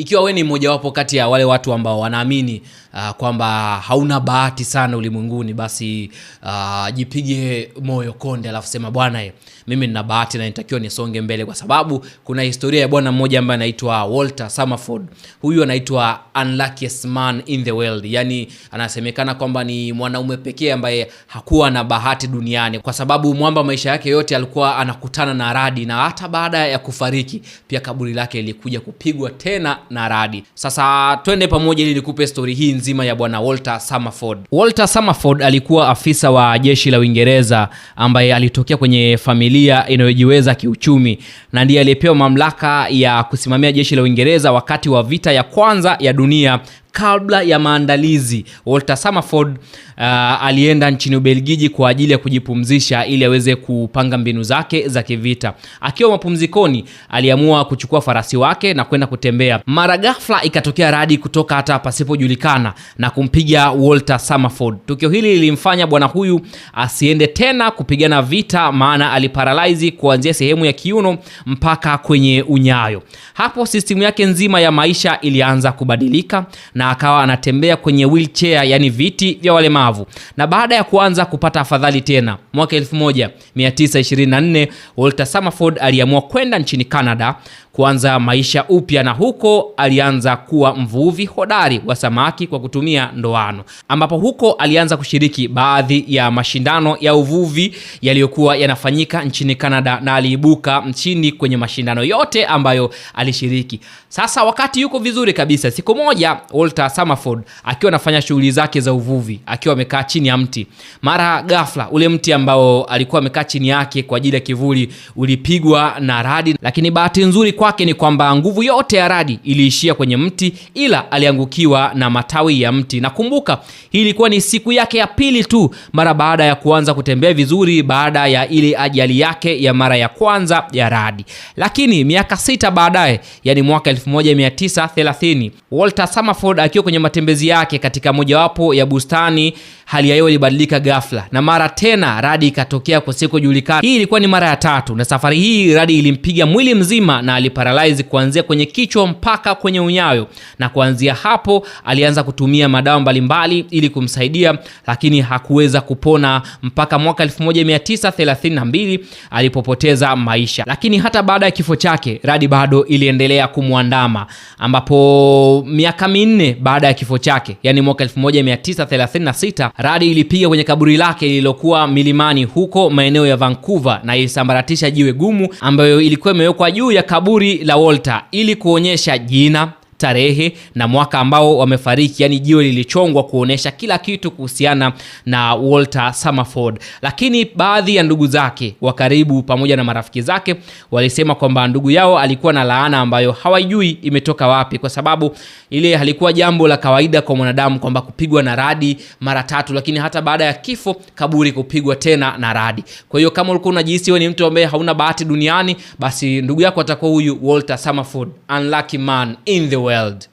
ikiwa we ni mmojawapo kati ya wale watu ambao wanaamini uh, kwamba hauna bahati sana ulimwenguni, basi uh, jipige moyo konde, alafu sema bwana, eh, mimi nina bahati na nitakiwa nisonge mbele, kwa sababu kuna historia ya bwana mmoja ambaye anaitwa Walter Summerford. Huyu anaitwa unluckiest man in the world, yani anasemekana kwamba ni mwanaume pekee ambaye hakuwa na bahati duniani, kwa sababu mwamba maisha yake yote alikuwa anakutana na radi, na hata baada ya kufariki pia kaburi lake lilikuja kupigwa tena na radi. Sasa twende pamoja ili nikupe stori hii nzima ya bwana Walter Summerford. Walter Summerford alikuwa afisa wa jeshi la Uingereza ambaye alitokea kwenye familia inayojiweza kiuchumi na ndiye aliyepewa mamlaka ya kusimamia jeshi la Uingereza wakati wa vita ya kwanza ya dunia kabla ya maandalizi. Walter Summerford uh, alienda nchini Ubelgiji kwa ajili ya kujipumzisha ili aweze kupanga mbinu zake za kivita. Akiwa mapumzikoni, aliamua kuchukua farasi wake na kwenda kutembea. Mara ghafla ikatokea radi kutoka hata pasipojulikana na kumpiga Walter Summerford. Tukio hili lilimfanya bwana huyu asiende tena kupigana vita, maana aliparalaizi kuanzia sehemu ya kiuno mpaka kwenye unyayo. Hapo sistimu yake nzima ya maisha ilianza kubadilika na akawa anatembea kwenye wheelchair, yani viti vya walemavu. Na baada ya kuanza kupata afadhali tena mwaka 1924 Walter Summerford aliamua kwenda nchini Canada kuanza maisha upya, na huko alianza kuwa mvuvi hodari wa samaki kwa kutumia ndoano, ambapo huko alianza kushiriki baadhi ya mashindano ya uvuvi yaliyokuwa yanafanyika nchini Canada na aliibuka mchini kwenye mashindano yote ambayo alishiriki. Sasa wakati yuko vizuri kabisa, siku moja Walter samaford akiwa anafanya shughuli zake za uvuvi akiwa amekaa chini ya mti. Mara gafla ule mti ambao alikuwa amekaa chini yake kwa ajili ya kivuli ulipigwa na radi, lakini bahati nzuri kwake ni kwamba nguvu yote ya radi iliishia kwenye mti, ila aliangukiwa na matawi ya mti. Nakumbuka hii ilikuwa ni siku yake ya pili tu mara baada ya kuanza kutembea vizuri baada ya ile ajali yake ya mara ya kwanza ya radi. Lakini miaka sita baadaye, yani mwaka 1930 Walter samaford akiwa kwenye matembezi yake katika mojawapo ya bustani hali ya hewa ilibadilika ghafla na mara tena radi ikatokea julikana Hii ilikuwa ni mara ya tatu, na safari hii radi ilimpiga mwili mzima na aliparalyze kuanzia kwenye kichwa mpaka kwenye unyayo, na kuanzia hapo alianza kutumia madawa mbalimbali ili kumsaidia, lakini hakuweza kupona mpaka mwaka 1932 alipopoteza maisha. Lakini hata baada ya kifo chake radi bado iliendelea kumwandama, ambapo miaka minne baada ya kifo chake, yani mwaka 1936 Radi ilipiga kwenye kaburi lake lililokuwa milimani huko maeneo ya Vancouver na ilisambaratisha jiwe gumu ambayo ilikuwa imewekwa juu ya kaburi la Walter ili kuonyesha jina tarehe na mwaka ambao wamefariki, yani jiwe lilichongwa kuonesha kila kitu kuhusiana na Walter Summerford. Lakini baadhi ya ndugu zake wa karibu pamoja na marafiki zake walisema kwamba ndugu yao alikuwa na laana ambayo hawajui imetoka wapi, kwa sababu ile halikuwa jambo la kawaida kwa mwanadamu kwamba kupigwa na radi mara tatu, lakini hata baada ya kifo kaburi kupigwa tena na radi. Kwa hiyo kama ulikuwa unajihisi wewe ni mtu ambaye hauna bahati duniani, basi ndugu yako atakuwa huyu Walter Summerford, unlucky man in the world. world